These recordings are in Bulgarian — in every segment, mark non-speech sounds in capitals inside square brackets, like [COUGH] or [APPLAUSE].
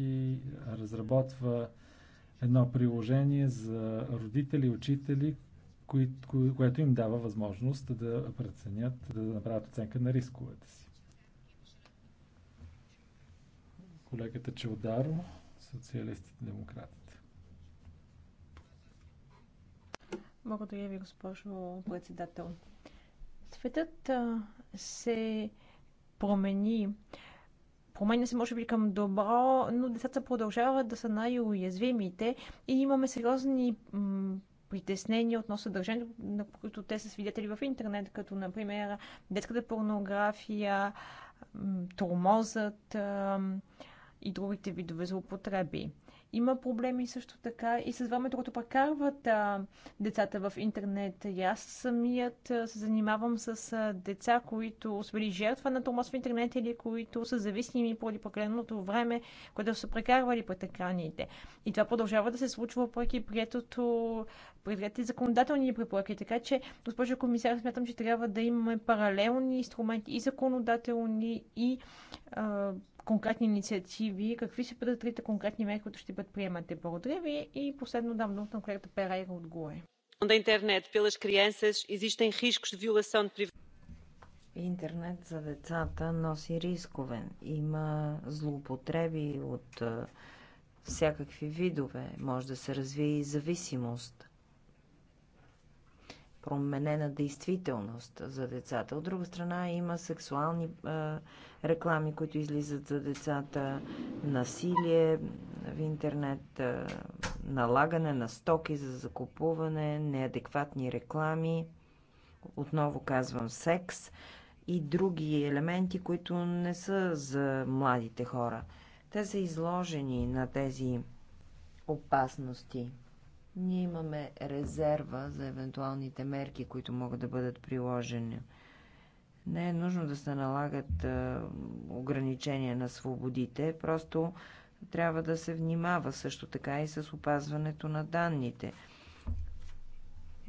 членки разработва едно приложение за родители и учители, кои, което им дава възможност да преценят, да направят оценка на рисковете си. Колегата Челдаро, социалистите демократите. Благодаря ви, госпожо председател. Светът се промени Променя се, може би, към добро, но децата продължават да са най-уязвимите и имаме сериозни притеснения относно съдържанието, на които те са свидетели в интернет, като, например, детската порнография, тормозът и другите видове злоупотреби. Има проблеми също така и с времето, което прекарват а, децата в интернет. И аз самият а, се занимавам с а, деца, които са били жертва на тормоз в интернет или които са зависими поради прекаленото време, което са прекарвали пред екраните. И това продължава да се случва въпреки приетото предвидете законодателни препоръки. Така че, госпожо комисар, смятам, че трябва да имаме паралелни инструменти и законодателни, и а, конкретни инициативи, какви ще бъдат трите конкретни мерки, които ще предприемате. Благодаря ви и последно дам думата на колегата Перейра от ГУЕ. Интернет за децата носи рискове. Има злоупотреби от всякакви видове. Може да се развие и зависимост променена действителност за децата. От друга страна има сексуални а, реклами, които излизат за децата, насилие в интернет, а, налагане на стоки за закупуване, неадекватни реклами, отново казвам секс и други елементи, които не са за младите хора. Те са изложени на тези опасности. Ние имаме резерва за евентуалните мерки, които могат да бъдат приложени. Не е нужно да се налагат ограничения на свободите, просто трябва да се внимава също така и с опазването на данните.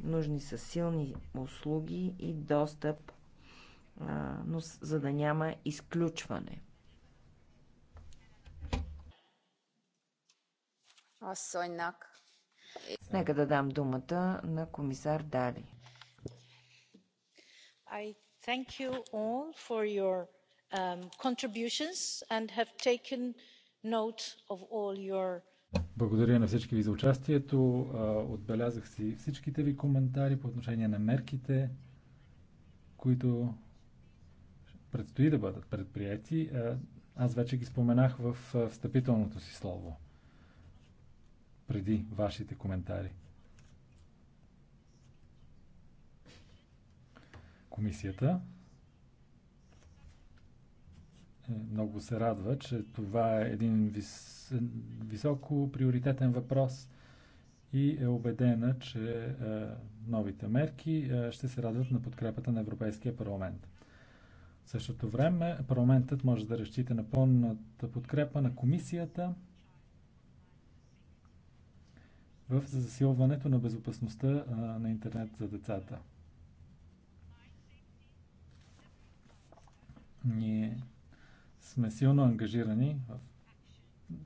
Нужни са силни услуги и достъп, но за да няма изключване. Аз Asszonynak Нека да дам думата на комисар Дали. I thank you all for your um, contributions and have taken note of all your благодаря на всички ви за участието. Отбелязах си всичките ви коментари по отношение на мерките, които предстои да бъдат предприяти. Аз вече ги споменах в встъпителното си слово преди вашите коментари. Комисията е, много се радва, че това е един вис... високо приоритетен въпрос и е убедена, че е, новите мерки е, ще се радват на подкрепата на Европейския парламент. В същото време парламентът може да разчита на пълната подкрепа на комисията в засилването на безопасността на интернет за децата. Ние сме силно ангажирани в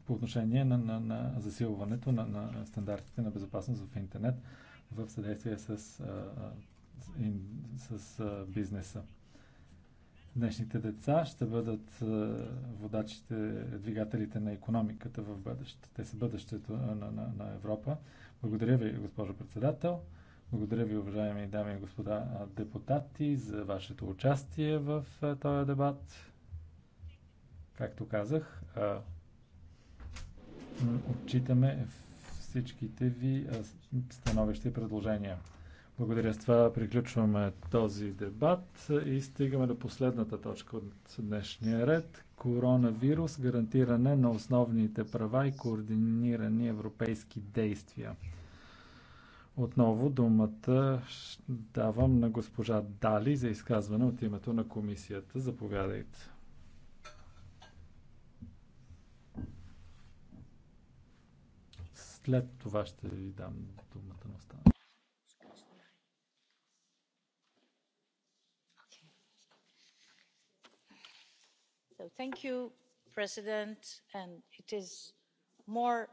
по отношение на, на, на засилването на, на стандартите на безопасност в интернет в съдействие с, а, с, с а, бизнеса. Днешните деца ще бъдат е, водачите, двигателите на економиката в бъдеще. Те са бъдещето на, на, на Европа. Благодаря ви, госпожо председател. Благодаря ви, уважаеми дами и господа е, депутати, за вашето участие в е, този дебат. Както казах, отчитаме всичките ви становища и предложения. Благодаря. С това приключваме този дебат и стигаме до последната точка от днешния ред. Коронавирус, гарантиране на основните права и координирани европейски действия. Отново думата давам на госпожа Дали за изказване от името на комисията. Заповядайте. След това ще ви дам думата на останалите. thank you president and it is more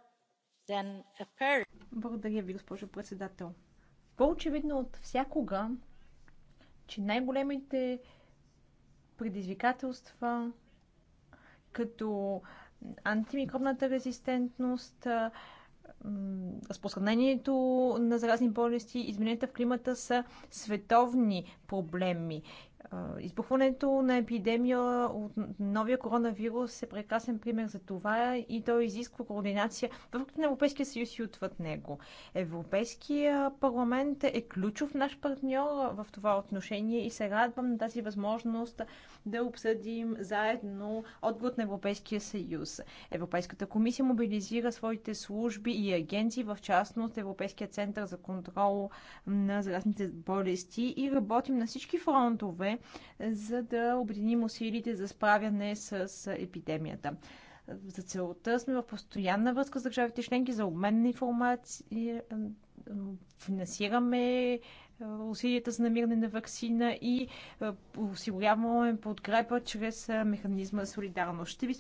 than apparent. Благодаря ви, госпожо председател. По-очевидно от всякога, че най-големите предизвикателства като антимикробната резистентност, разпространението на заразни болести, измененията в климата са световни проблеми. Избухването на епидемия от новия коронавирус е прекрасен пример за това и той изисква координация в на Европейския съюз и отвъд него. Европейския парламент е ключов наш партньор в това отношение и се радвам на тази възможност да обсъдим заедно отговор на Европейския съюз. Европейската комисия мобилизира своите служби и агенции, в частност Европейския център за контрол на заразните болести и работим на всички фронтове за да обединим усилите за справяне с епидемията. За целта сме в постоянна връзка с държавите членки за обмен на информация, финансираме усилията за намиране на вакцина и осигуряваме подкрепа чрез механизма солидарност. Ще ви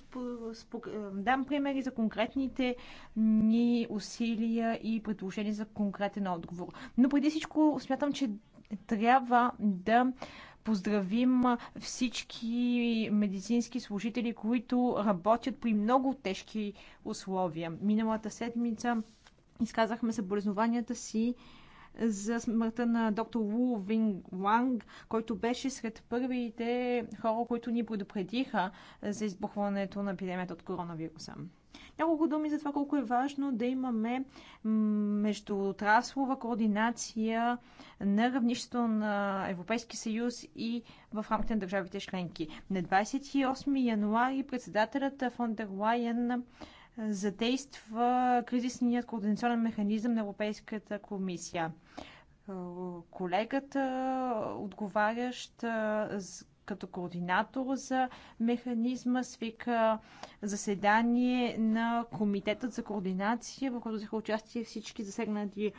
дам примери за конкретните ни усилия и предложения за конкретен отговор. Но преди всичко смятам, че трябва да поздравим всички медицински служители, които работят при много тежки условия. Миналата седмица изказахме съболезнованията си за смъртта на доктор Ву Вин Ванг, който беше сред първите хора, които ни предупредиха за избухването на епидемията от коронавируса. Няколко думи за това колко е важно да имаме междутраслова координация на равнището на Европейски съюз и в рамките на държавите членки. На 28 януари председателят дер Лайен задейства кризисният координационен механизъм на Европейската комисия колегата, отговарящ като координатор за механизма свика заседание на Комитетът за координация, в който взеха участие всички засегнати е,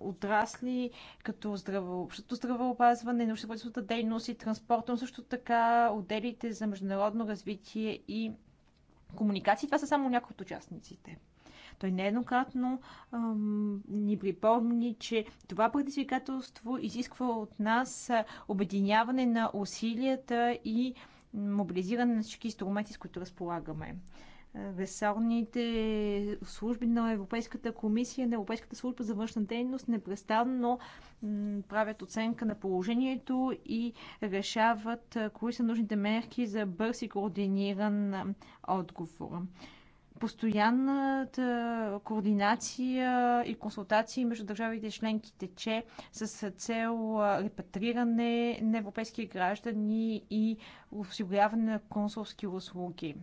отрасли, като здраво, общото здравеопазване, научно-производствената дейност и транспорт, но също така отделите за международно развитие и комуникации. Това са само някои от участниците. Той нееднократно ни припомни, че това предизвикателство изисква от нас обединяване на усилията и мобилизиране на всички инструменти, с които разполагаме ресорните служби на Европейската комисия, на Европейската служба за външна дейност непрестанно правят оценка на положението и решават кои са нужните мерки за бърз и координиран отговор постоянната координация и консултации между държавите членки тече с цел репатриране на европейски граждани и осигуряване на консулски услуги.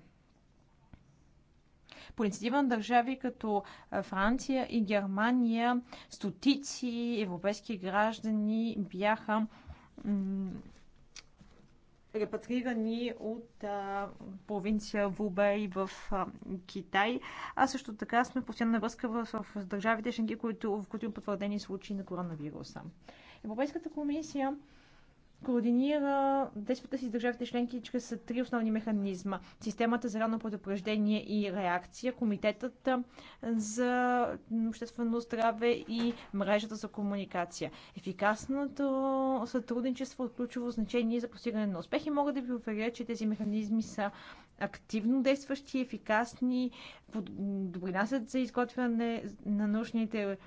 По инициатива на държави като Франция и Германия, стотици европейски граждани бяха репатрирани от а, провинция Вубей в а, Китай. А също така сме постоянна връзка в, в, в държавите членки, които, в които има потвърдени случаи на коронавируса. Европейската комисия координира действията си с държавите членки чрез три основни механизма. Системата за ранно предупреждение и реакция, комитетът за обществено здраве и мрежата за комуникация. Ефикасното сътрудничество е от ключово значение за постигане на успехи мога да ви уверя, че тези механизми са активно действащи, ефикасни, допринасят за изготвяне на научните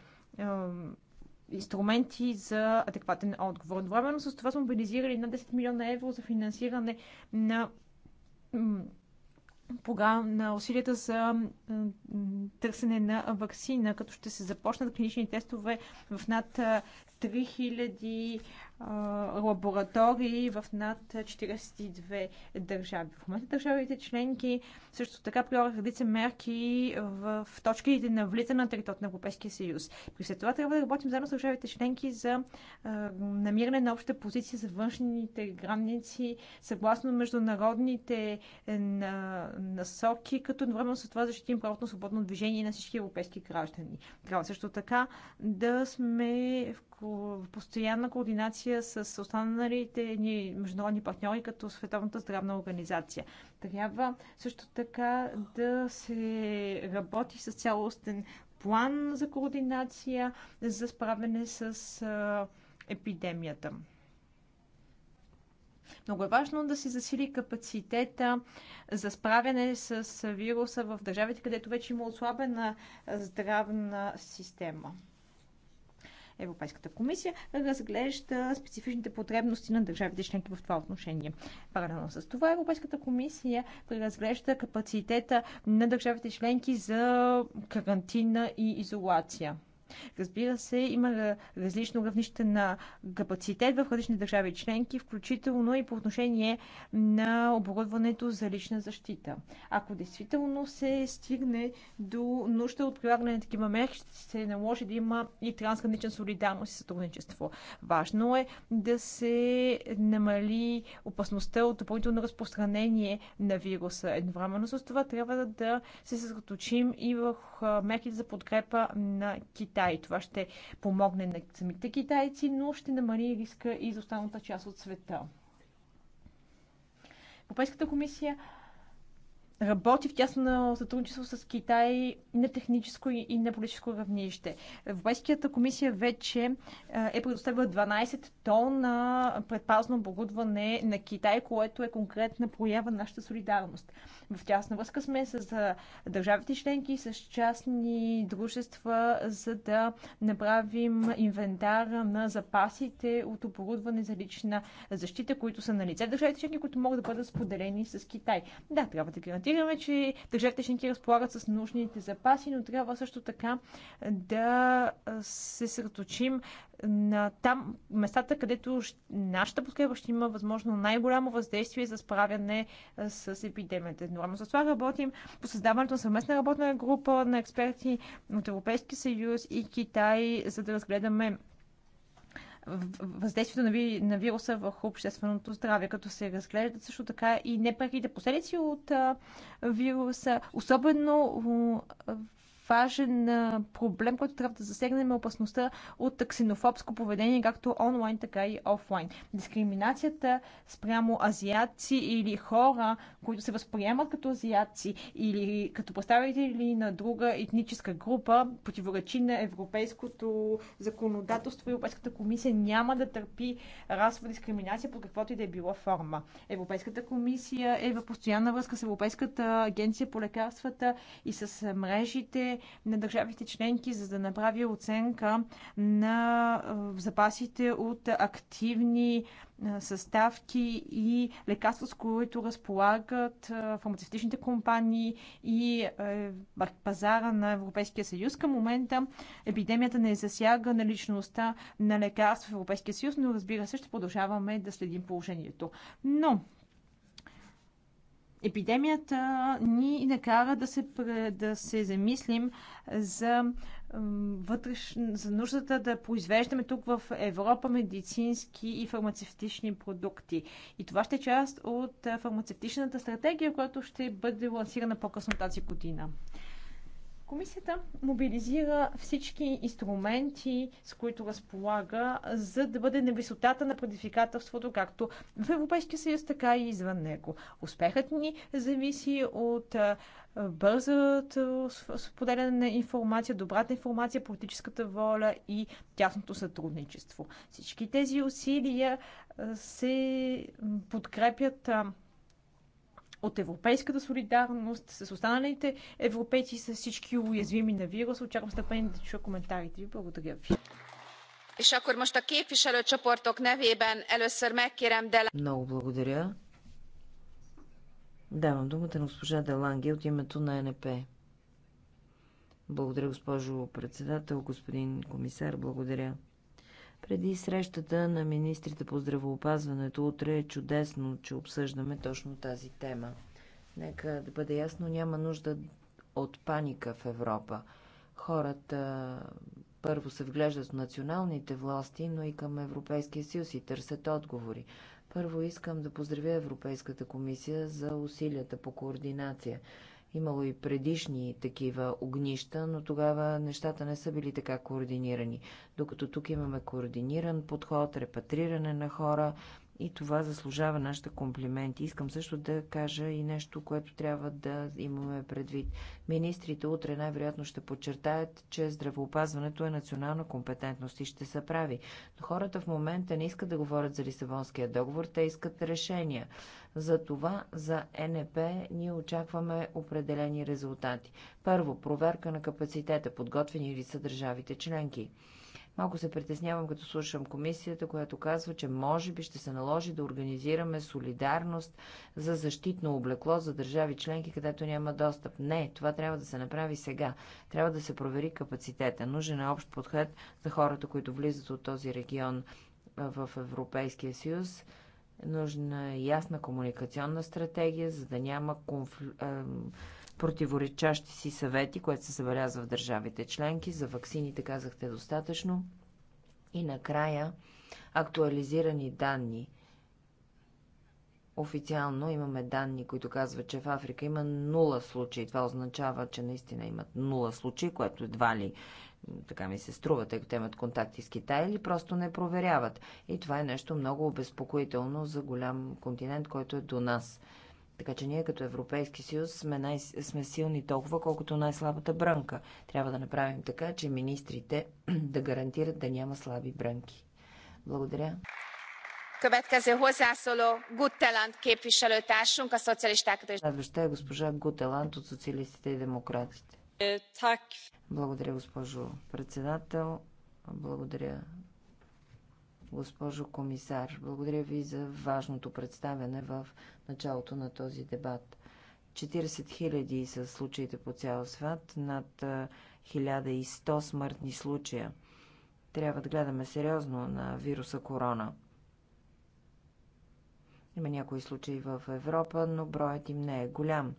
инструменти за адекватен отговор. Едновременно с това сме мобилизирали на 10 милиона евро за финансиране на програм, на усилията за търсене на вакцина, като ще се започнат клинични тестове в над 3000 лаборатории в над 42 държави. В момента държавите членки също така прилагат редица мерки в точките на влизане на територията на Европейския съюз. При след това трябва да работим заедно с държавите членки за намиране на обща позиция за външните граници, съгласно международните е, насоки, като едновременно с това защитим правото на свободно движение на всички европейски граждани. Трябва също така да сме в постоянна координация Русия с останалите ни международни партньори, като Световната здравна организация. Трябва също така да се работи с цялостен план за координация за справяне с епидемията. Много е важно да се засили капацитета за справяне с вируса в държавите, където вече има ослабена здравна система. Европейската комисия разглежда специфичните потребности на държавите членки в това отношение. Паралелно с това Европейската комисия преразглежда капацитета на държавите членки за карантина и изолация. Разбира се, има различно равнище на капацитет в различни държави членки, включително и по отношение на оборудването за лична защита. Ако действително се стигне до нужда от прилагане на такива мерки, ще се наложи да има и трансгранична солидарност и сътрудничество. Важно е да се намали опасността от допълнително разпространение на вируса. Едновременно с това трябва да се съсредоточим и в мерките за подкрепа на Китай Китай. Това ще помогне на самите китайци, но ще намали риска и за останалата част от света. Европейската комисия работи в тясно сътрудничество с Китай на техническо и на политическо равнище. Европейската комисия вече е предоставила 12 тона предпазно оборудване на Китай, което е конкретна проява на нашата солидарност. В тясна връзка сме с държавите членки и с частни дружества, за да направим инвентар на запасите от оборудване за лична защита, които са на лице в държавите членки, които могат да бъдат споделени с Китай. Да, трябва да гарантираме гарантираме, че държавите членки разполагат с нужните запаси, но трябва също така да се съсредоточим на там местата, където нашата подкрепа ще има възможно най-голямо въздействие за справяне с епидемията. Едновременно с това работим по създаването на съвместна работна група на експерти от Европейския съюз и Китай, за да разгледаме въздействието на, ви, на вируса върху общественото здраве, като се разглеждат също така и непреките последици от а, вируса, особено в важен проблем, който трябва да засегнем е опасността от таксинофобско поведение, както онлайн, така и офлайн. Дискриминацията спрямо азиатци или хора, които се възприемат като азиатци или като представители на друга етническа група, противоречи на европейското законодателство и Европейската комисия няма да търпи расова дискриминация под каквото и да е било форма. Европейската комисия е в постоянна връзка с Европейската агенция по лекарствата и с мрежите на държавите членки, за да направи оценка на запасите от активни съставки и лекарства, с които разполагат фармацевтичните компании и е, пазара на Европейския съюз. Към момента епидемията не засяга наличността на лекарства в Европейския съюз, но разбира се, ще продължаваме да следим положението. Но епидемията ни накара да се, да се замислим за, вътреш, за нуждата да произвеждаме тук в Европа медицински и фармацевтични продукти. И това ще е част от фармацевтичната стратегия, която ще бъде лансирана по-късно тази година. Комисията мобилизира всички инструменти, с които разполага, за да бъде на висотата на предизвикателството, както в Европейския съюз, така и извън него. Успехът ни зависи от бързото споделяне на информация, добрата информация, политическата воля и тясното сътрудничество. Всички тези усилия се подкрепят от европейската солидарност с останалите европейци, с всички уязвими на вируса. Очаквам степени да чуя коментарите ви. Благодаря ви. Много благодаря. Давам думата на госпожа Деланге от името на НП. Благодаря, госпожо председател, господин комисар, благодаря. Преди срещата на министрите по здравеопазването утре е чудесно, че обсъждаме точно тази тема. Нека да бъде ясно, няма нужда от паника в Европа. Хората първо се вглеждат в националните власти, но и към Европейския съюз и търсят отговори. Първо искам да поздравя Европейската комисия за усилията по координация. Имало и предишни такива огнища, но тогава нещата не са били така координирани. Докато тук имаме координиран подход, репатриране на хора, и това заслужава нашите комплименти. Искам също да кажа и нещо, което трябва да имаме предвид. Министрите утре най-вероятно ще подчертаят, че здравеопазването е национална компетентност и ще се прави. Но хората в момента не искат да говорят за Лисабонския договор, те искат решения. За това за НП ние очакваме определени резултати. Първо, проверка на капацитета, подготвени ли са държавите членки. Малко се притеснявам, като слушам комисията, която казва, че може би ще се наложи да организираме солидарност за защитно облекло за държави членки, където няма достъп. Не, това трябва да се направи сега. Трябва да се провери капацитета. Нужен е общ подход за хората, които влизат от този регион в Европейския съюз Нужна е ясна комуникационна стратегия, за да няма конфли... противоречащи си съвети, което се забелязва в държавите членки. За ваксините казахте достатъчно. И накрая актуализирани данни. Официално имаме данни, които казват, че в Африка има нула случаи. Това означава, че наистина имат нула случаи, което едва ли така ми се струва, тъй като имат контакти с Китай или просто не проверяват. И това е нещо много обезпокоително за голям континент, който е до нас. Така че ние като Европейски съюз сме, най- сме силни толкова, колкото най-слабата брънка. Трябва да направим така, че министрите [CLEARS THROAT] да гарантират да няма слаби брънки. Благодаря. Следваща е госпожа Гутеланд от Социалистите и Демократите. Е, Благодаря, госпожо председател. Благодаря, госпожо комисар. Благодаря ви за важното представяне в началото на този дебат. 40 000 са случаите по цял свят, над 1100 смъртни случая. Трябва да гледаме сериозно на вируса корона. Има някои случаи в Европа, но броят им не е голям.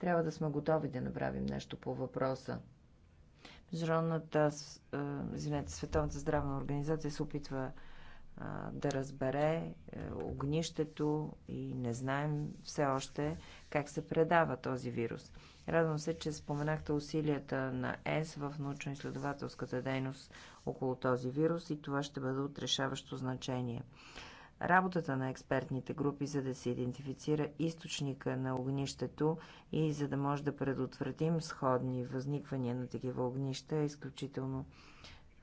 Трябва да сме готови да направим нещо по въпроса. Международната, извинете, Световната здравна организация се опитва да разбере е, огнището и не знаем все още как се предава този вирус. Радвам се, че споменахте усилията на ЕС в научно-изследователската дейност около този вирус и това ще бъде от решаващо значение работата на експертните групи, за да се идентифицира източника на огнището и за да може да предотвратим сходни възниквания на такива огнища е изключително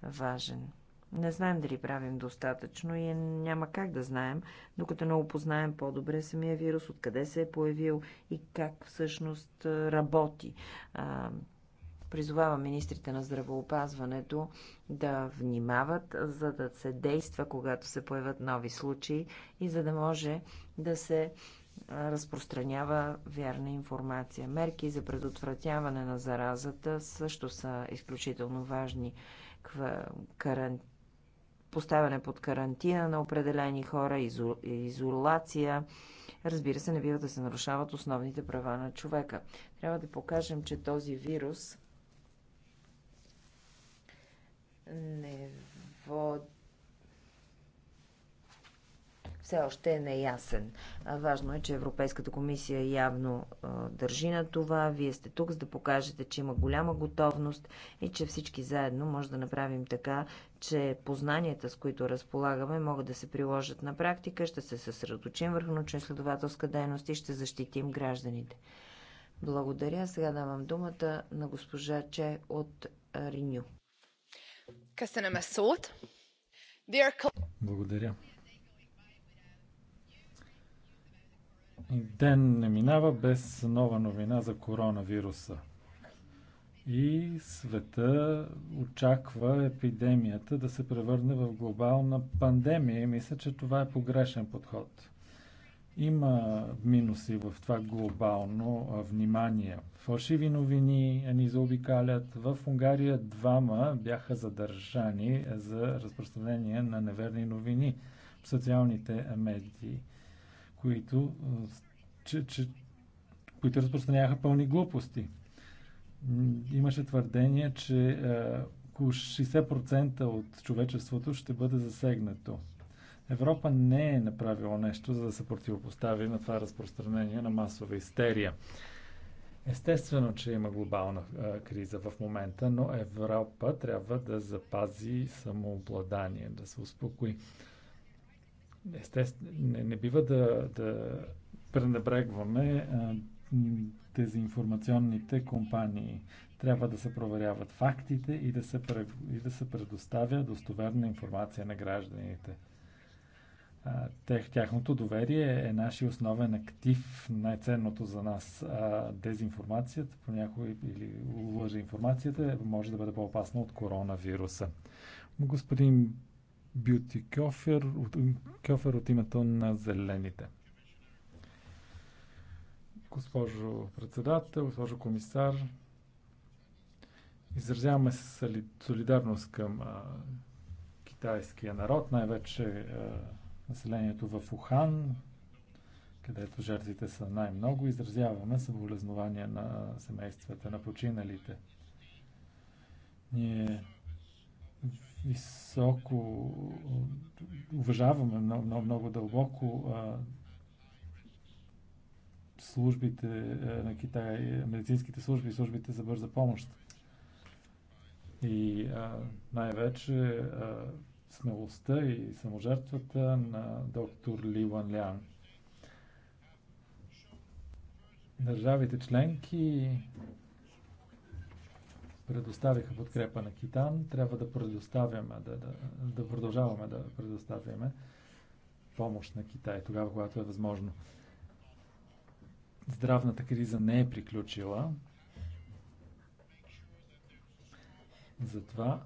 важен. Не знаем дали правим достатъчно и няма как да знаем, докато не опознаем по-добре самия вирус, откъде се е появил и как всъщност работи. Призовава министрите на здравоопазването да внимават, за да се действа, когато се появят нови случаи и за да може да се разпространява вярна информация. Мерки за предотвратяване на заразата също са изключително важни. Каран... Поставяне под карантина на определени хора, изо... изолация. Разбира се, не бива да се нарушават основните права на човека. Трябва да покажем, че този вирус не води все още е неясен. Важно е, че Европейската комисия явно държи на това. Вие сте тук, за да покажете, че има голяма готовност и че всички заедно може да направим така, че познанията, с които разполагаме, могат да се приложат на практика. Ще се съсредоточим върху научно-изследователска дейност и ще защитим гражданите. Благодаря. Сега давам думата на госпожа Че от Риню. Благодаря. Ден не минава без нова новина за коронавируса. И света очаква епидемията да се превърне в глобална пандемия и мисля, че това е погрешен подход. Има минуси в това глобално внимание. Фалшиви новини ни заобикалят. В Унгария двама бяха задържани е, за разпространение на неверни новини в социалните е, медии, които, е, че, че, които разпространяха пълни глупости. Имаше твърдение, че около 60% от човечеството ще бъде засегнато. Европа не е направила нещо, за да се противопостави на това разпространение на масова истерия. Естествено, че има глобална а, криза в момента, но Европа трябва да запази самообладание, да се успокои. Естествено, не, не бива да, да пренебрегваме а, информационните компании. Трябва да се проверяват фактите и да се, и да се предоставя достоверна информация на гражданите тяхното доверие е нашия основен актив, най-ценното за нас. А дезинформацията, понякога или лъжа информацията, може да бъде по-опасна от коронавируса. Господин Бюти Кьофер от, Кьофер от името на Зелените. Госпожо председател, госпожо комисар, изразяваме солидарност към а, китайския народ, най-вече а, населението в Ухан, където жертвите са най-много, изразяваме съболезнования на семействата на починалите. Ние високо уважаваме много, много, много дълбоко службите на Китай, медицинските служби и службите за бърза помощ. И най-вече смелостта и саможертвата на доктор Ли Ван Лян. Държавите членки предоставиха подкрепа на Китан. Трябва да предоставяме, да, да, да продължаваме да предоставяме помощ на Китай тогава, когато е възможно. Здравната криза не е приключила. Затова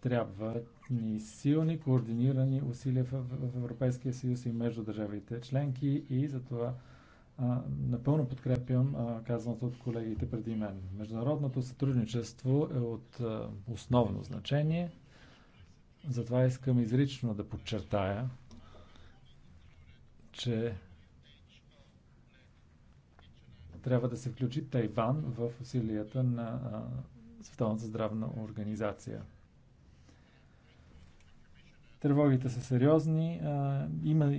трябва ни силни, координирани усилия в, в Европейския съюз и между държавите членки и за това а, напълно подкрепям а, казаното от колегите преди мен. Международното сътрудничество е от а, основно значение. Затова искам изрично да подчертая, че трябва да се включи Тайван в усилията на Световната здравна организация. Тревогите са сериозни. А, има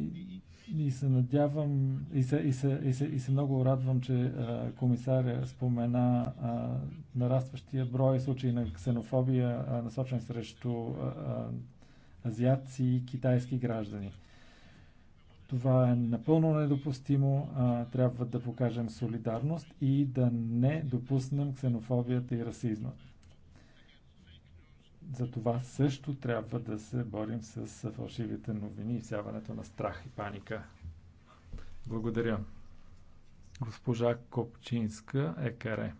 и се надявам и се, и се, и се, и се много радвам, че а, комисаря спомена а, нарастващия брой случаи на ксенофобия, а, насочен срещу а, а, азиатци и китайски граждани. Това е напълно недопустимо. А, трябва да покажем солидарност и да не допуснем ксенофобията и расизма за това също трябва да се борим с фалшивите новини и сяването на страх и паника. Благодаря. Госпожа Копчинска е каре.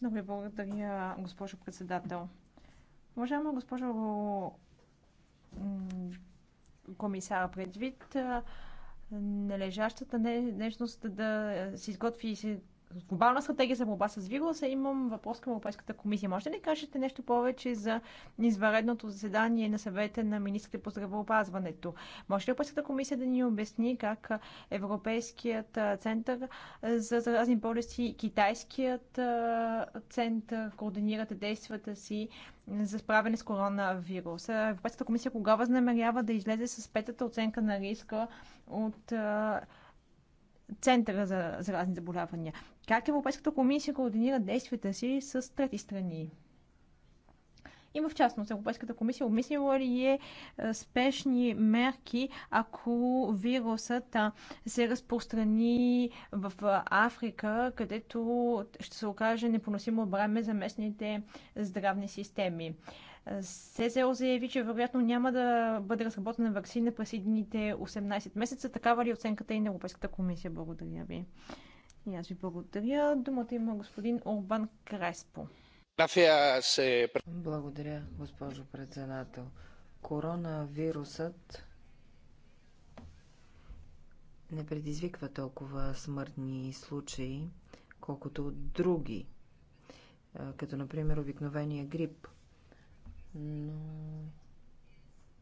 Много ви благодаря, госпожо председател. Уважаема госпожо комисара, предвид належащата нежност да се изготви и се глобална стратегия за борба с вируса, имам въпрос към Европейската комисия. Може ли да кажете нещо повече за извънредното заседание на съвета на министрите по здравеопазването? Може ли Европейската комисия да ни обясни как Европейският център за заразни болести и Китайският център координират действията си за справяне с коронавируса? Европейската комисия кога възнамерява да излезе с петата оценка на риска от Центъра за заразни заболявания. Как Европейската комисия координира действията си с трети страни? И в частност, Европейската комисия обмислила ли е спешни мерки, ако вирусът се разпространи в Африка, където ще се окаже непоносимо бреме за местните здравни системи. СЗО заяви, че вероятно няма да бъде разработена вакцина през едните 18 месеца. Такава ли е оценката и на Европейската комисия? Благодаря ви. И аз ви благодаря. Думата има господин Орбан Креспо. Е благодаря, госпожо председател. Коронавирусът не предизвиква толкова смъртни случаи, колкото от други, като например обикновения грип. Но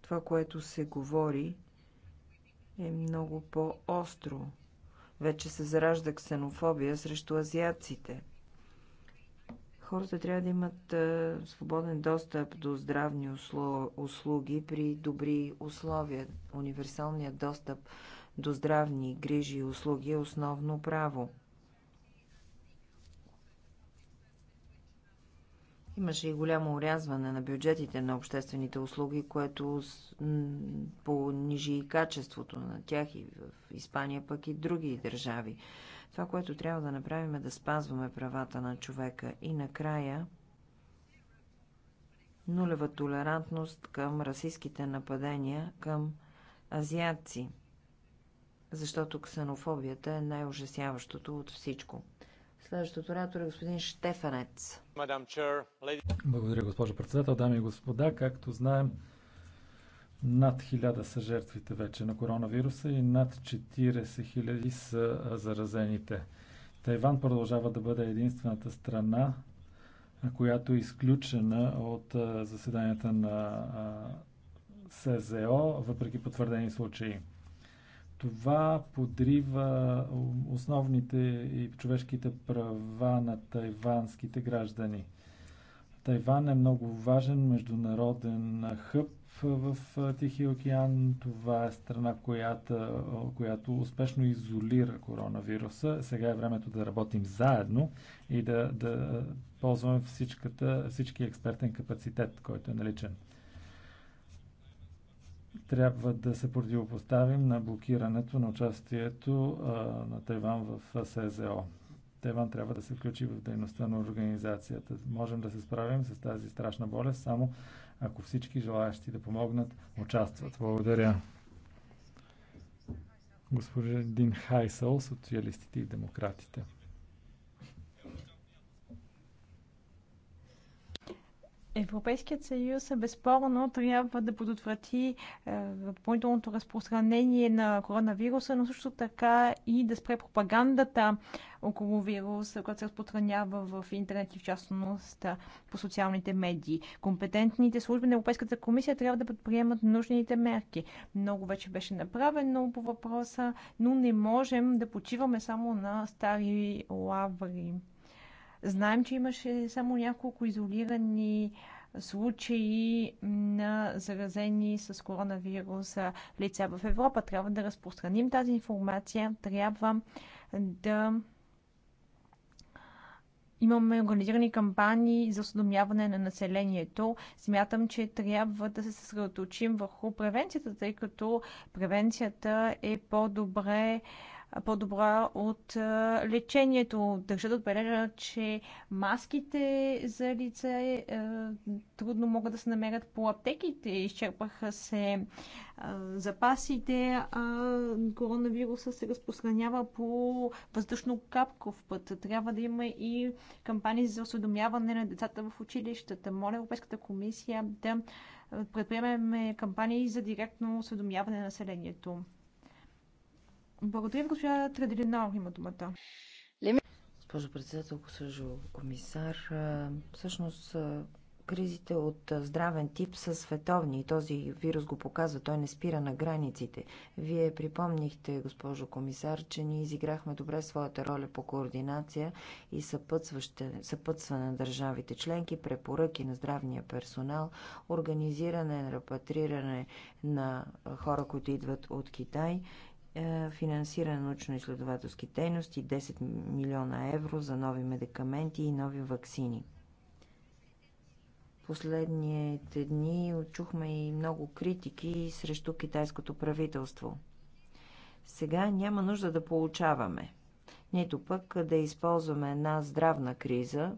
това, което се говори, е много по-остро вече се заражда ксенофобия срещу азиатците. Хората трябва да имат свободен достъп до здравни услуги при добри условия. Универсалният достъп до здравни грижи и услуги е основно право. Имаше и голямо урязване на бюджетите на обществените услуги, което понижи и качеството на тях и в Испания, пък и други държави. Това, което трябва да направим е да спазваме правата на човека и накрая нулева толерантност към расистските нападения към азиатци, защото ксенофобията е най-ужасяващото от всичко. Следващото оратор е господин Штефанец. Благодаря, госпожо председател. Дами и господа, както знаем, над 1000 са жертвите вече на коронавируса и над 40 000 са заразените. Тайван продължава да бъде единствената страна, която е изключена от заседанията на СЗО, въпреки потвърдени случаи. Това подрива основните и човешките права на тайванските граждани. Тайван е много важен международен хъб в Тихия океан. Това е страна, която, която успешно изолира коронавируса. Сега е времето да работим заедно и да, да ползваме всичката, всички експертен капацитет, който е наличен трябва да се противопоставим на блокирането на участието а, на Тайван в СЗО. Тайван трябва да се включи в дейността на организацията. Можем да се справим с тази страшна болест само ако всички желаящи да помогнат участват. Благодаря. Господин Хайсъл, социалистите и демократите. Европейският съюз безспорно трябва да предотврати е, допълнителното разпространение на коронавируса, но също така и да спре пропагандата около вируса, която се разпространява в интернет и в частност е, по социалните медии. Компетентните служби на Европейската комисия трябва да предприемат нужните мерки. Много вече беше направено по въпроса, но не можем да почиваме само на стари лаври. Знаем, че имаше само няколко изолирани случаи на заразени с коронавируса лица в Европа. Трябва да разпространим тази информация, трябва да имаме организирани кампании за осъдомяване на населението. Смятам, че трябва да се съсредоточим върху превенцията, тъй като превенцията е по-добре по-добра от лечението. Държа да отбележа, че маските за лице е, трудно могат да се намерят по аптеките. Изчерпаха се запасите, а коронавируса се разпространява по въздушно-капков път. Трябва да има и кампании за осведомяване на децата в училищата. Моля Европейската комисия да предприемеме кампании за директно осведомяване на населението. Благодаря ви, госпожа Традилина, Има думата. Госпожо председател, госпожо комисар, всъщност кризите от здравен тип са световни и този вирус го показва. Той не спира на границите. Вие припомнихте, госпожо комисар, че ние изиграхме добре своята роля по координация и съпътстване на държавите членки, препоръки на здравния персонал, организиране на репатриране на хора, които идват от Китай е, финансиране на научно-изследователски дейности, 10 милиона евро за нови медикаменти и нови вакцини. Последните дни чухме и много критики срещу китайското правителство. Сега няма нужда да получаваме, нито пък да използваме една здравна криза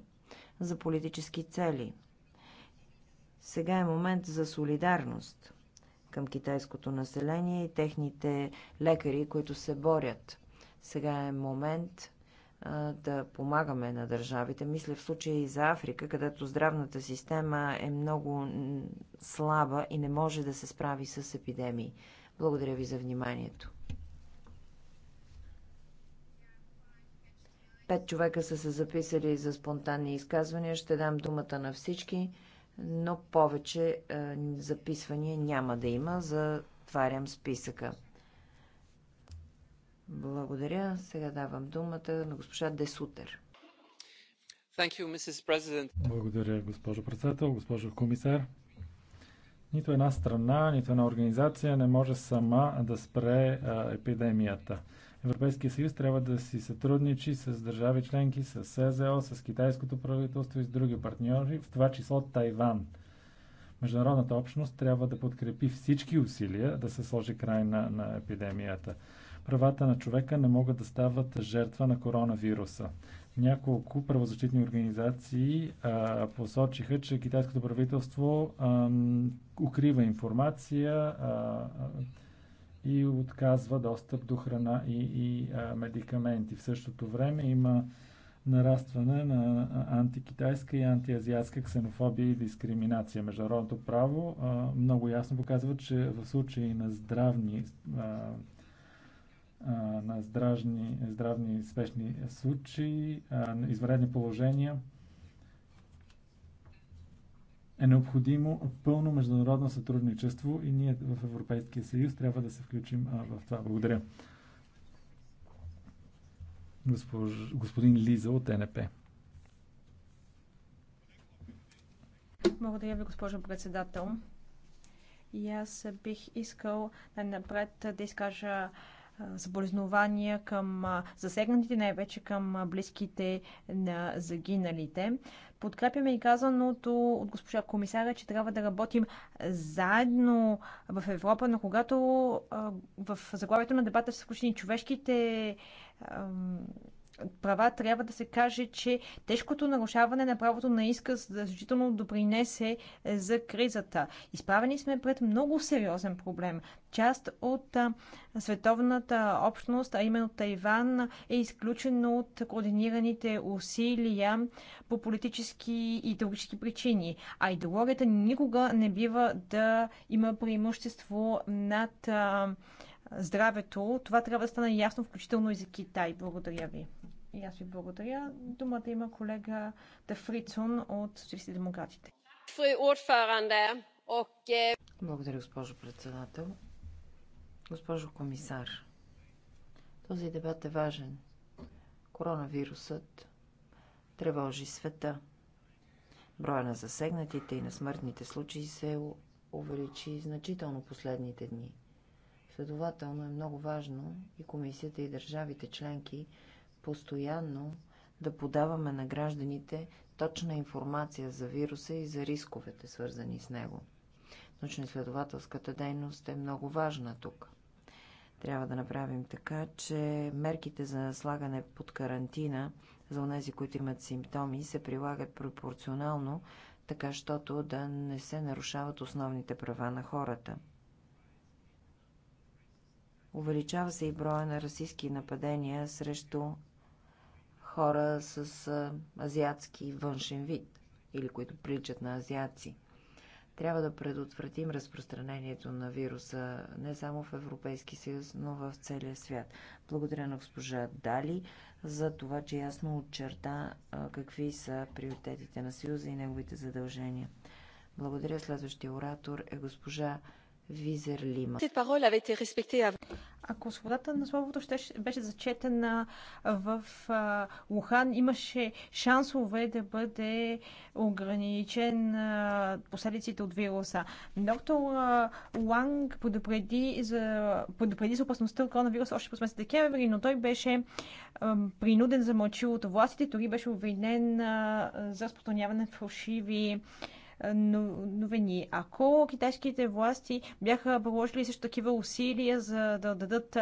за политически цели. Сега е момент за солидарност – към китайското население и техните лекари, които се борят. Сега е момент а, да помагаме на държавите. Мисля в случая и за Африка, където здравната система е много слаба и не може да се справи с епидемии. Благодаря ви за вниманието. Пет човека са се записали за спонтанни изказвания. Ще дам думата на всички но повече е, записвания няма да има. Затварям списъка. Благодаря. Сега давам думата на госпожа Десутер. You, Благодаря, госпожо председател, госпожо комисар. Нито една страна, нито една организация не може сама да спре а, епидемията. Европейския съюз трябва да си сътрудничи с държави членки, с СЗО, с китайското правителство и с други партньори, в това число Тайван. Международната общност трябва да подкрепи всички усилия да се сложи край на, на епидемията. Правата на човека не могат да стават жертва на коронавируса. Няколко правозащитни организации а, посочиха, че китайското правителство а, укрива информация а, и отказва достъп до храна и, и а, медикаменти. В същото време има нарастване на антикитайска и антиазиатска ксенофобия и дискриминация. Международното право а, много ясно показва, че в случай на здравни а, на здравни, здравни спешни случаи, изваредни положения, е необходимо пълно международно сътрудничество и ние в Европейския съюз трябва да се включим в това. Благодаря. Госпож... Господин Лиза от НП. Благодаря ви, госпожо председател. И аз бих искал най-напред да изкажа съболезнования към засегнатите, най-вече към близките на загиналите. Подкрепяме и казаното от госпожа комисаря, че трябва да работим заедно в Европа, но когато в заглавието на дебата са включени човешките права трябва да се каже, че тежкото нарушаване на правото на иска значително допринесе е, за кризата. Изправени сме пред много сериозен проблем. Част от световната общност, а именно Тайван, е изключено от координираните усилия по политически и идеологически причини. А идеологията никога не бива да има преимущество над здравето. Това трябва да стане ясно, включително и за Китай. Благодаря ви. И аз ви благодаря. Думата има колега Дафрицун от Социалистите демократите. Е, благодаря, госпожо председател. Госпожо комисар, този дебат е важен. Коронавирусът тревожи света. Броя на засегнатите и на смъртните случаи се увеличи значително последните дни. Следователно е много важно и комисията и държавите членки – постоянно да подаваме на гражданите точна информация за вируса и за рисковете, свързани с него. Научно-изследователската дейност е много важна тук. Трябва да направим така, че мерките за слагане под карантина за онези, които имат симптоми, се прилагат пропорционално, така щото да не се нарушават основните права на хората. Увеличава се и броя на расистски нападения срещу хора с азиатски външен вид или които приличат на азиаци. Трябва да предотвратим разпространението на вируса не само в Европейски съюз, но в целия свят. Благодаря на госпожа Дали за това, че ясно отчерта какви са приоритетите на съюза и неговите задължения. Благодаря. Следващия оратор е госпожа Визер Лима ако свободата на словото беше зачетена в Лухан, имаше шансове да бъде ограничен последиците от вируса. Доктор а, Ланг за, подопреди за опасността от коронавируса още през месец декември, но той беше принуден за мълчилото властите, дори беше обвинен за разпространяване на фалшиви новини. Ако китайските власти бяха положили също такива усилия за да дадат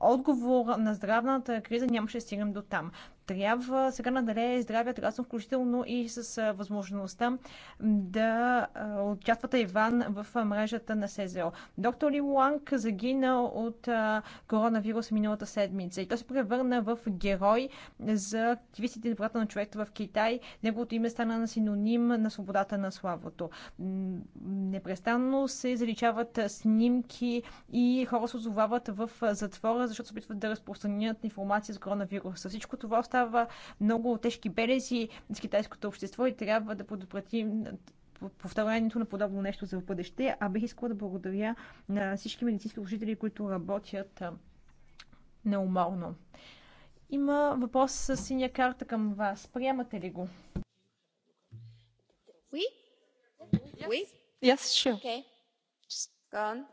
отговор на здравната криза, нямаше да стигнем до там. Трябва сега наделее здравият съм включително и с възможността да участва Иван в мрежата на СЗО. Доктор Ли Уанг загина от коронавирус миналата седмица и той се превърна в герой за активистите на правата на човека в Китай. Неговото име стана на синоним на свободата на славото. Непрестанно се заличават снимки и хора се озовават в затвора, защото се опитват да разпространят информация за коронавируса. Всичко това остава много тежки белези с китайското общество и трябва да подопратим повторението на подобно нещо за в бъдеще, а бих искала да благодаря на всички медицински служители, които работят неуморно. Има въпрос с синя карта към вас. Приемате ли го? Oui? Oui? Yes, sure. Okay. Just gone.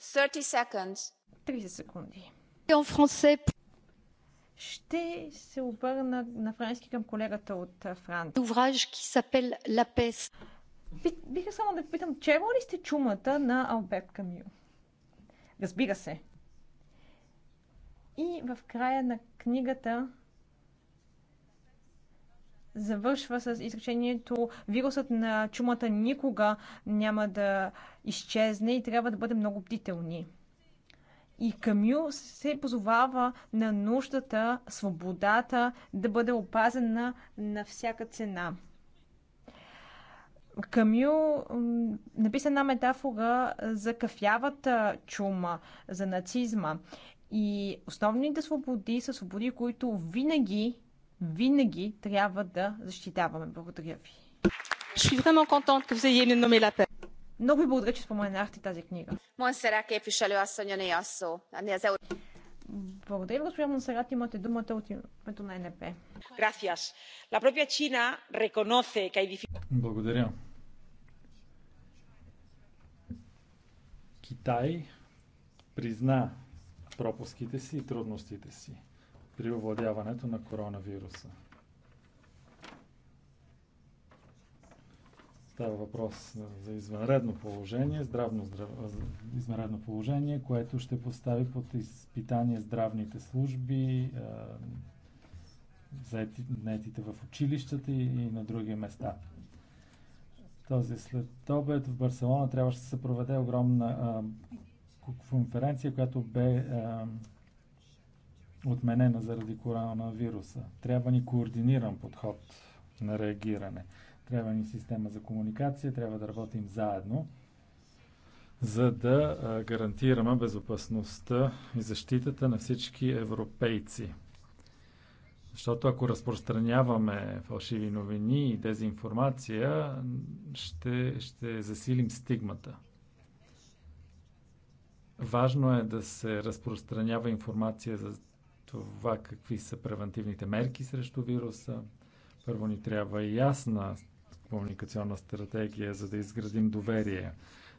30 seconds. 30 секунди. En français. Ще се обърна на френски към колегата от Франция. Увраж, ки сапел пес. Биха само да попитам, чела ли сте чумата на Алберт Камю? Разбира се. И в края на книгата завършва с изречението вирусът на чумата никога няма да изчезне и трябва да бъдем много бдителни. И Камю се позовава на нуждата, свободата да бъде опазена на всяка цена. Камю написа една метафора за кафявата чума, за нацизма. И основните свободи са свободи, които винаги, винаги трябва да защитаваме. Благодаря ви. Je suis vraiment contente que vous ayez nommé la paix. Много ви благодаря, че споменахте тази книга. Монсерак е пишелю асоня не асо. Благодаря, госпожа Монсерат. Имате думата от името на НП. Благодаря. Китай призна пропуските си и трудностите си при овладяването на коронавируса. Става въпрос за извънредно положение, здравно здрав... извънредно положение, което ще постави под изпитание здравните служби, заетите в училищата и, и на други места. Този след обед в Барселона трябваше да се проведе огромна а, конференция, която бе а, отменена заради коронавируса. Трябва ни координиран подход на реагиране. Трябва ни система за комуникация, трябва да работим заедно, за да гарантираме безопасността и защитата на всички европейци. Защото ако разпространяваме фалшиви новини и дезинформация, ще, ще засилим стигмата. Важно е да се разпространява информация за това какви са превентивните мерки срещу вируса. Първо ни трябва и ясна комуникационна стратегия, за да изградим доверие.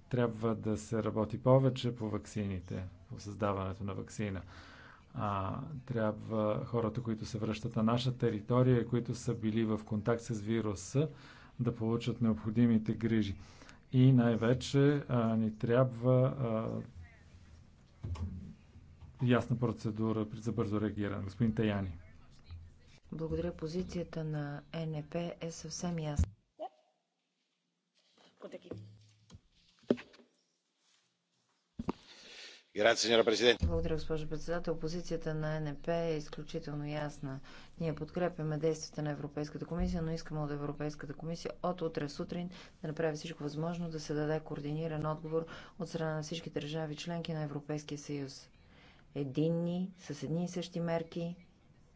Трябва да се работи повече по ваксините, по създаването на вакцина. А, трябва хората, които се връщат на наша територия, които са били в контакт с вируса, да получат необходимите грижи. И най-вече ни трябва а, ясна процедура за бързо реагиране. Господин Таяни. Благодаря. Позицията на НП е съвсем ясна. Благодаря, госпожо председател. Позицията на НП е изключително ясна. Ние подкрепяме действията на Европейската комисия, но искаме от Европейската комисия от утре сутрин да направи всичко възможно да се даде координиран отговор от страна на всички държави членки на Европейския съюз. Единни, с едни и същи мерки,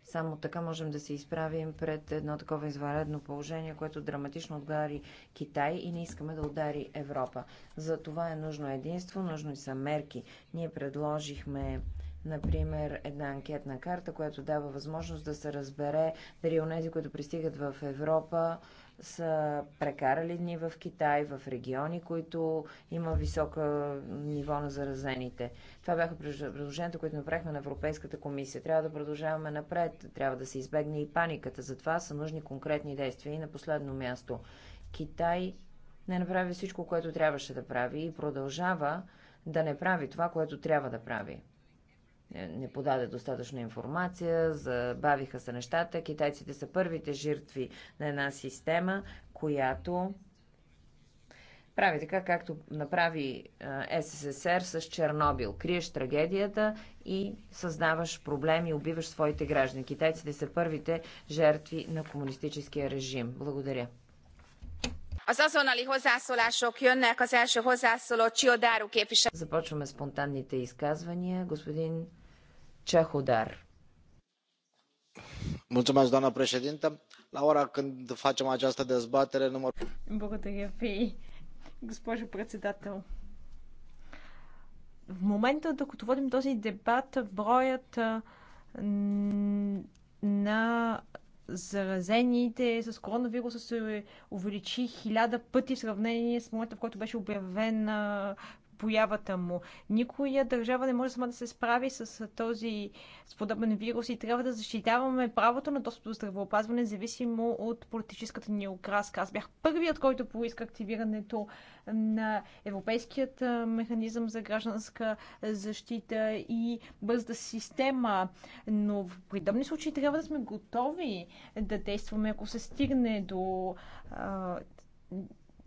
само така можем да се изправим пред едно такова извънредно положение, което драматично удари Китай и не искаме да удари Европа. За това е нужно единство, и са мерки. Ние предложихме например, една анкетна карта, която дава възможност да се разбере дали онези, които пристигат в Европа, са прекарали дни в Китай, в региони, които има висока ниво на заразените. Това бяха предложенията, които направихме на Европейската комисия. Трябва да продължаваме напред, трябва да се избегне и паниката. Затова са нужни конкретни действия. И на последно място, Китай не направи всичко, което трябваше да прави и продължава да не прави това, което трябва да прави не подаде достатъчно информация, забавиха се нещата. Китайците са първите жертви на една система, която прави така, както направи СССР с Чернобил. Криеш трагедията и създаваш проблеми убиваш своите граждани. Китайците са първите жертви на комунистическия режим. Благодаря. Az azonnali hozzászólások jönnek. Az első hozzászóló Csiodáru képviselő. Започваме спонтанните изказвания. Господин Cehudar. Mulțumesc, doamnă președintă. La ora când facem această dezbatere, numărul... Благодаря ви, госпожо председател. В момента, докато водим този дебат, броят на заразените с коронавируса се увеличи хиляда пъти в сравнение с момента, в който беше обявен появата му. Никоя държава не може сама да се справи с този с подобен вирус и трябва да защитаваме правото на достъп до здравеопазване, независимо от политическата ни окраска. Аз бях първият, който поиска активирането на Европейският механизъм за гражданска защита и бърза система, но в придъмни случаи трябва да сме готови да действаме, ако се стигне до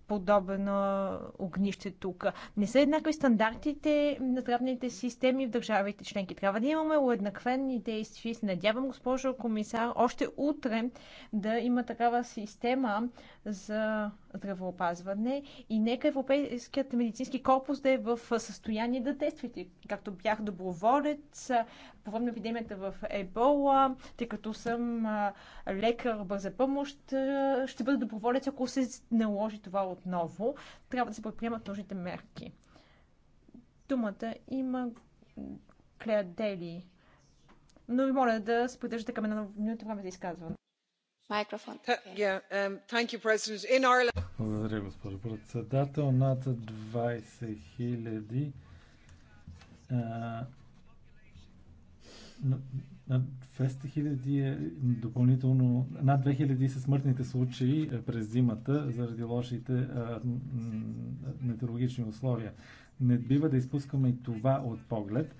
подобно огнище тук. Не са еднакви стандартите на здравните системи в държавите членки. Трябва да имаме уеднаквени действия. Се надявам, госпожо комисар, още утре да има такава система за здравеопазване и нека Европейският медицински корпус да е в състояние да тествате. Както бях доброволец по време на епидемията в Ебола, тъй като съм лекар бърза помощ, ще бъда доброволец, ако се наложи това отново. Трябва да се предприемат нужните мерки. Думата има клеадели. Дели. Но ви моля да се придържате към една минута време за изказване. Um, Благодаря, госпожо председател. Над 20 хиляди над 200 хиляди е допълнително, над 2000 са смъртните случаи е, през зимата заради лошите метеорологични условия. Не бива да изпускаме и това от поглед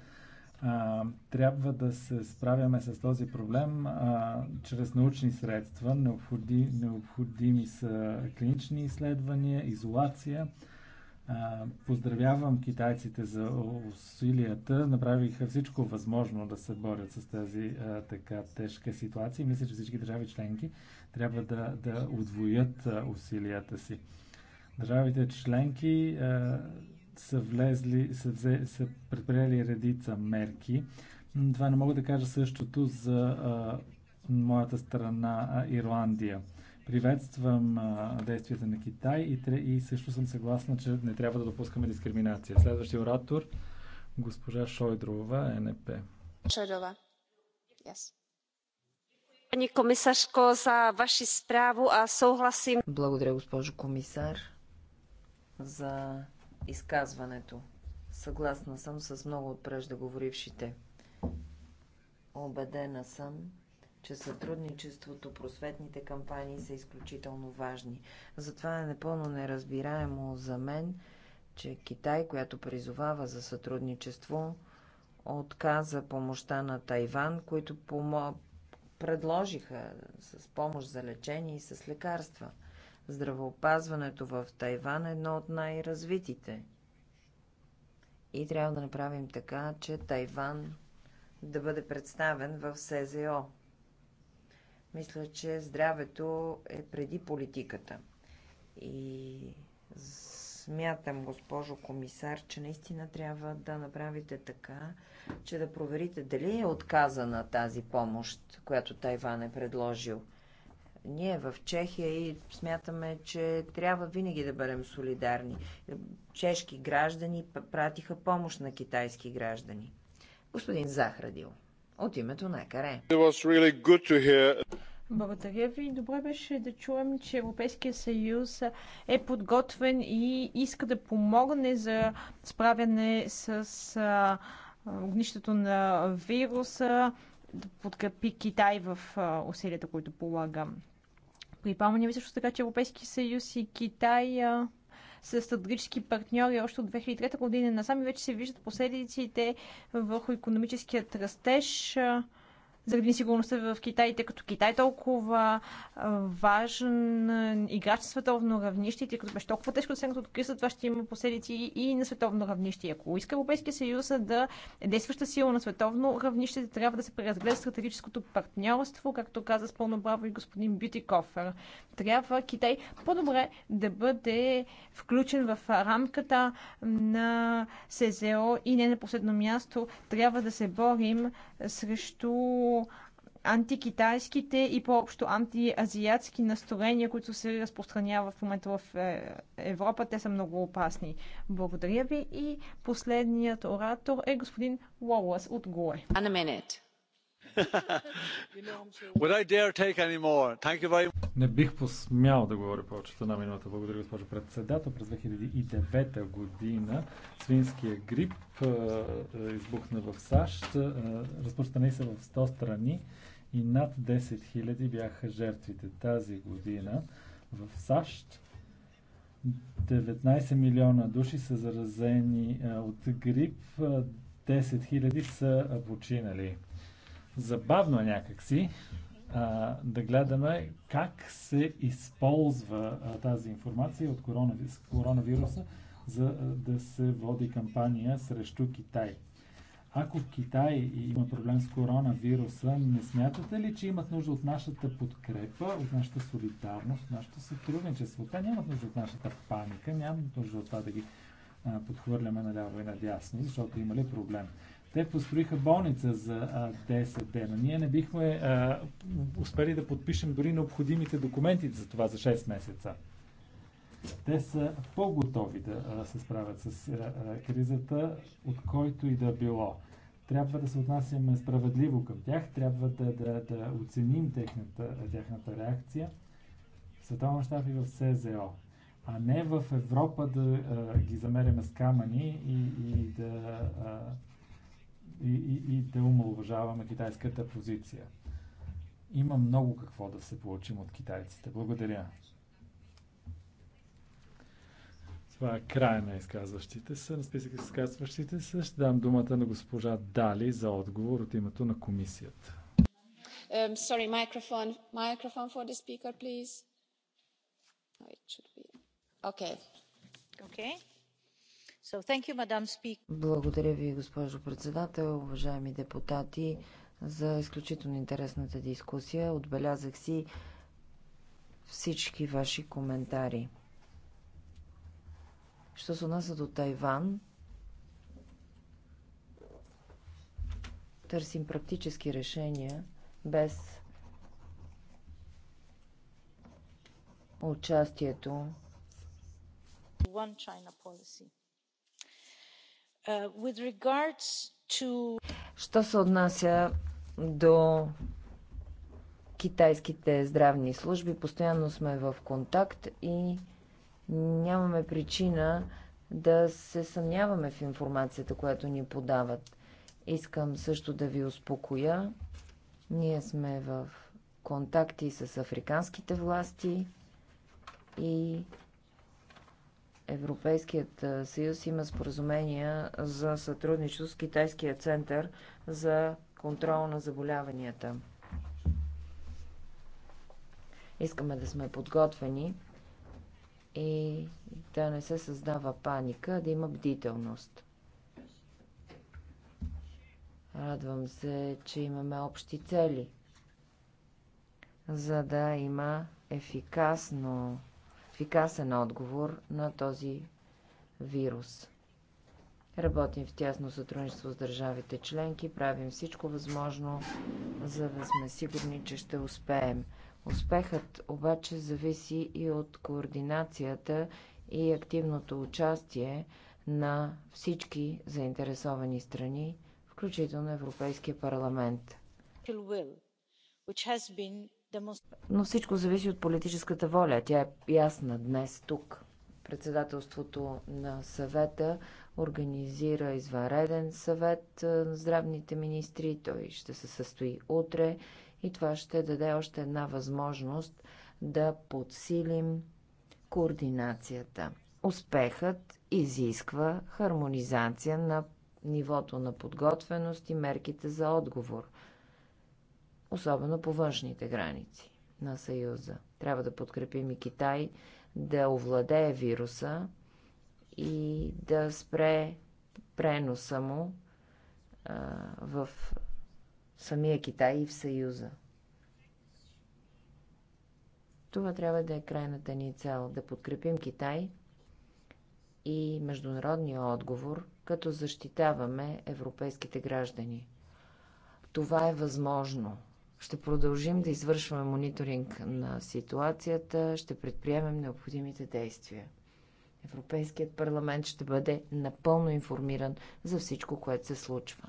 а, трябва да се справяме с този проблем а, чрез научни средства. Необходи, необходими са клинични изследвания, изолация. А, поздравявам китайците за усилията. Направиха всичко възможно да се борят с тази а, така тежка ситуация. Мисля, че всички държави членки трябва да, да удвоят а, усилията си. Държавите членки а, са влезли, са, взе, са предприели редица мерки. Това не мога да кажа същото за а, моята страна а, Ирландия. Приветствам а, действията на Китай и, и също съм съгласна, че не трябва да допускаме дискриминация. Следващия оратор, госпожа Шойдрова, НП. Е. Шойдрова. Yes. Пани комисарско за ваши справо, а съгласим. Благодаря, госпожо комисар, за изказването. Съгласна съм с много от преждеговорившите. Обедена съм, че сътрудничеството, просветните кампании са изключително важни. Затова е непълно неразбираемо за мен, че Китай, която призовава за сътрудничество, отказа помощта на Тайван, които помо... предложиха с помощ за лечение и с лекарства – Здравоопазването в Тайван е едно от най-развитите. И трябва да направим така, че Тайван да бъде представен в СЗО. Мисля, че здравето е преди политиката. И смятам, госпожо комисар, че наистина трябва да направите така, че да проверите дали е отказана тази помощ, която Тайван е предложил – ние в Чехия и смятаме, че трябва винаги да бъдем солидарни. Чешки граждани пратиха помощ на китайски граждани. Господин Захрадил, от името на Каре. Благодаря ви. Добре беше да чуем, че Европейския съюз е подготвен и иска да помогне за справяне с огнището на вируса, да подкрепи Китай в усилията, които полагам. Припомням ви също така, че Европейски съюз и Китай а, са стратегически партньори още от 2003 година. Насами вече се виждат последиците върху економическият растеж. А, заради сигурността в Китай, тъй като Китай е толкова важен играч на световно равнище, тъй като беше толкова тежко засегнат от криза, това ще има последици и на световно равнище. Ако иска Европейския съюз да е действаща сила на световно равнище, трябва да се преразгледа стратегическото партньорство, както каза с пълно право и господин Бютикофер. Трябва Китай по-добре да бъде включен в рамката на СЗО и не на последно място трябва да се борим срещу антикитайските и по-общо антиазиатски настроения, които се разпространяват в момента в е, Европа. Те са много опасни. Благодаря ви. И последният оратор е господин Уолас от Гое. [LAUGHS] Не бих посмял да говоря повече от една минута. Благодаря, госпожо председател. През 2009 година свинския грип избухна в САЩ. Разпространи се в 100 страни и над 10 000 бяха жертвите. Тази година в САЩ 19 милиона души са заразени от грип, 10 000 са починали забавно е някакси а, да гледаме как се използва а, тази информация от коронавирус, коронавируса, за а, да се води кампания срещу Китай. Ако в Китай има проблем с коронавируса, не смятате ли, че имат нужда от нашата подкрепа, от нашата солидарност, от нашето сътрудничество? Те нямат нужда от нашата паника, нямат нужда от това да ги а, подхвърляме наляво и надясно, защото има ли проблем. Те построиха болница за а, 10 дена. Ние не бихме а, успели да подпишем дори необходимите документи за това за 6 месеца. Те са по-готови да а, се справят с а, а, кризата, от който и да било. Трябва да се отнасяме справедливо към тях, трябва да, да, да оценим техната, тяхната реакция в световен щаб и в СЗО а не в Европа да а, ги замеряме с камъни и, и да а, и, и, и да умалуважаваме китайската позиция. Има много какво да се получим от китайците. Благодаря. Това е края на изказващите се. На списък с изказващите се ще дам думата на госпожа Дали за отговор от името на комисията. Um, sorry, microphone. Microphone for the speaker, please. Oh, it should be. Okay. Okay. Благодаря ви, госпожо председател, уважаеми депутати, за изключително интересната дискусия. Отбелязах си всички ваши коментари. Що се отнася до Тайван, търсим практически решения без участието One China policy. Uh, Що се отнася до китайските здравни служби, постоянно сме в контакт и нямаме причина да се съмняваме в информацията, която ни подават. Искам също да ви успокоя. Ние сме в контакти с африканските власти и Европейският съюз има споразумения за сътрудничество с Китайския център за контрол на заболяванията. Искаме да сме подготвени и да не се създава паника, да има бдителност. Радвам се, че имаме общи цели, за да има ефикасно ефикасен отговор на този вирус. Работим в тясно сътрудничество с държавите членки, правим всичко възможно, за да сме сигурни, че ще успеем. Успехът обаче зависи и от координацията и активното участие на всички заинтересовани страни, включително Европейския парламент. Но всичко зависи от политическата воля. Тя е ясна днес тук. Председателството на съвета организира извънреден съвет на здравните министри. Той ще се състои утре и това ще даде още една възможност да подсилим координацията. Успехът изисква хармонизация на нивото на подготвеност и мерките за отговор особено по външните граници на Съюза. Трябва да подкрепим и Китай да овладее вируса и да спре преноса му а, в самия Китай и в Съюза. Това трябва да е крайната ни цел да подкрепим Китай и международния отговор, като защитаваме европейските граждани. Това е възможно. Ще продължим да извършваме мониторинг на ситуацията, ще предприемем необходимите действия. Европейският парламент ще бъде напълно информиран за всичко, което се случва.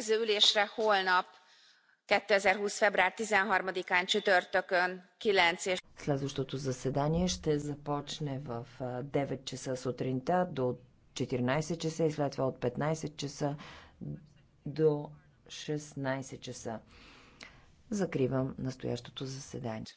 Az ülésre holnap 2020. február 13-án csütörtökön 9 és... Следващото заседание ще започне в 9 часа сутринта до 14 часа и след това от 15 часа до 16 часа. Закривам настоящото заседание.